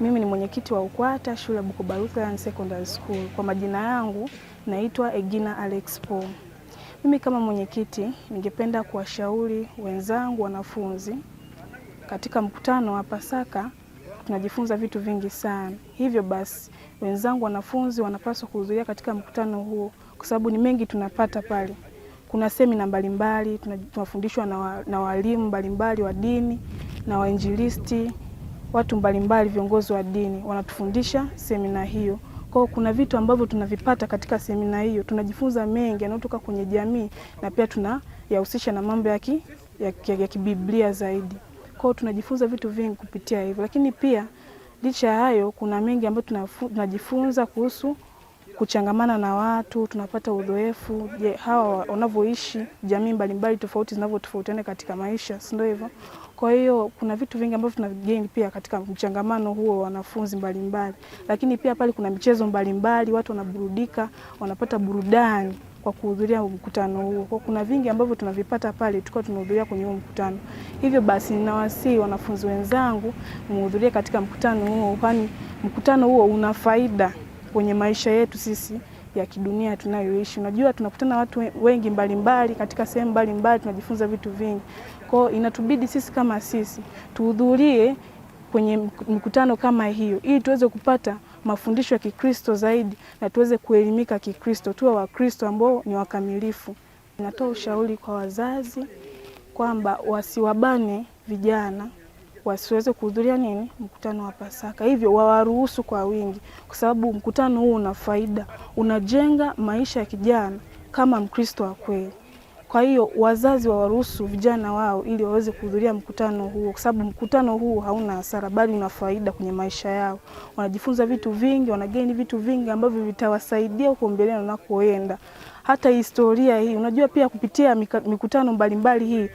Mimi ni mwenyekiti wa UKWATA shule ya Bukoba Lutheran yaani Secondary School. Kwa majina yangu naitwa Egina Alex Po. Mimi kama mwenyekiti ningependa kuwashauri wenzangu wanafunzi katika mkutano wa Pasaka tunajifunza vitu vingi sana. Hivyo basi, wenzangu wanafunzi wanapaswa kuhudhuria katika mkutano huo, kwa sababu ni mengi tunapata pale. Kuna semina mbalimbali tunafundishwa na, wa, na walimu mbalimbali wa dini na wainjilisti watu mbalimbali, viongozi wa dini wanatufundisha semina hiyo. Kwa kuna vitu ambavyo tunavipata katika semina hiyo, tunajifunza mengi yanayotoka kwenye jamii na pia tunayahusisha na mambo ya, ki, ya, ya, ya kibiblia zaidi. Kwa tunajifunza vitu vingi kupitia hivyo, lakini pia licha ya hayo kuna mengi ambayo tunajifunza kuhusu kuchangamana na watu, tunapata uzoefu je, hawa wanavyoishi jamii mbalimbali tofauti zinavyotofautiana katika maisha, si ndio hivyo? Kwa hiyo kuna vitu vingi ambavyo tuna gain pia katika mchangamano huo wa wanafunzi mbalimbali, lakini pia pale kuna michezo mbalimbali, watu wanaburudika, wanapata burudani kwa kuhudhuria mkutano huo. Kwa kuna vingi ambavyo tunavipata pale tukiwa tunahudhuria kwenye huo mkutano. Hivyo basi, ninawasihi wanafunzi wenzangu muhudhurie katika mkutano huo, kwani mkutano huo una faida kwenye maisha yetu sisi ya kidunia tunayoishi. Unajua, tunakutana watu wengi mbalimbali mbali, katika sehemu mbalimbali tunajifunza vitu vingi. Kwa inatubidi sisi kama sisi tuhudhurie kwenye mikutano kama hiyo ili tuweze kupata mafundisho ya Kikristo zaidi na tuweze kuelimika Kikristo, tuwe Wakristo ambao ni wakamilifu. Natoa ushauri kwa wazazi kwamba wasiwabane vijana wasiweze kuhudhuria nini mkutano wa Pasaka, hivyo wawaruhusu kwa wingi, kwa sababu mkutano huu una faida, unajenga maisha ya kijana kama Mkristo wa kweli. Kwa hiyo wazazi wawaruhusu vijana wao ili waweze kuhudhuria mkutano huo, kwa sababu mkutano huu hauna hasara, bali una faida kwenye maisha yao. Wanajifunza vitu vingi, wanageni vitu vingi ambavyo vitawasaidia huko mbeleni wanakoenda hata historia hii. Unajua, pia kupitia mikutano mbalimbali hii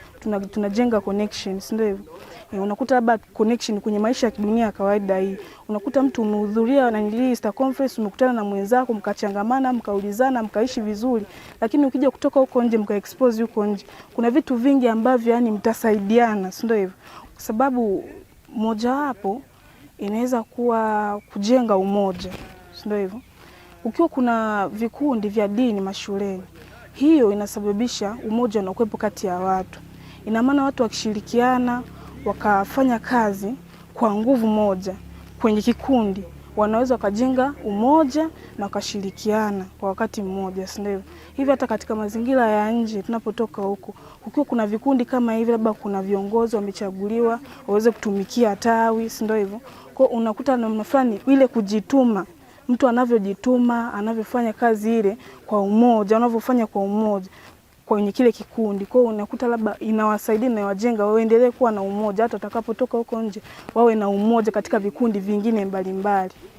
tunajenga connection, si ndio? Hivyo eh, unakuta labda connection kwenye maisha ya kidunia kawaida hii, unakuta mtu umehudhuria na nili Star Conference, umekutana na mwenzako mkachangamana, mkaulizana, mkaishi vizuri, lakini ukija kutoka huko nje expose huko nje, kuna vitu vingi ambavyo yani mtasaidiana, si ndio? Hivyo kwa sababu mojawapo inaweza kuwa kujenga umoja, si ndio? Hivyo ukiwa kuna vikundi vya dini mashuleni, hiyo inasababisha umoja unakuwepo kati ya watu. Ina maana watu wakishirikiana wakafanya kazi kwa nguvu moja kwenye kikundi, wanaweza wakajenga umoja na wakashirikiana kwa wakati mmoja, si ndio? hata katika mazingira ya nje tunapotoka huko, ukiwa kuna vikundi kama hivi, labda kuna viongozi wamechaguliwa waweze kutumikia tawi, si ndio hivyo? Kwa unakuta namna fulani ile kujituma mtu anavyojituma, anavyofanya kazi ile kwa umoja, anavyofanya kwa umoja kwenye kile kikundi. Kwa hiyo unakuta labda inawasaidia na wajenga waendelee kuwa na umoja, hata watakapotoka huko nje wawe na umoja katika vikundi vingine mbalimbali mbali.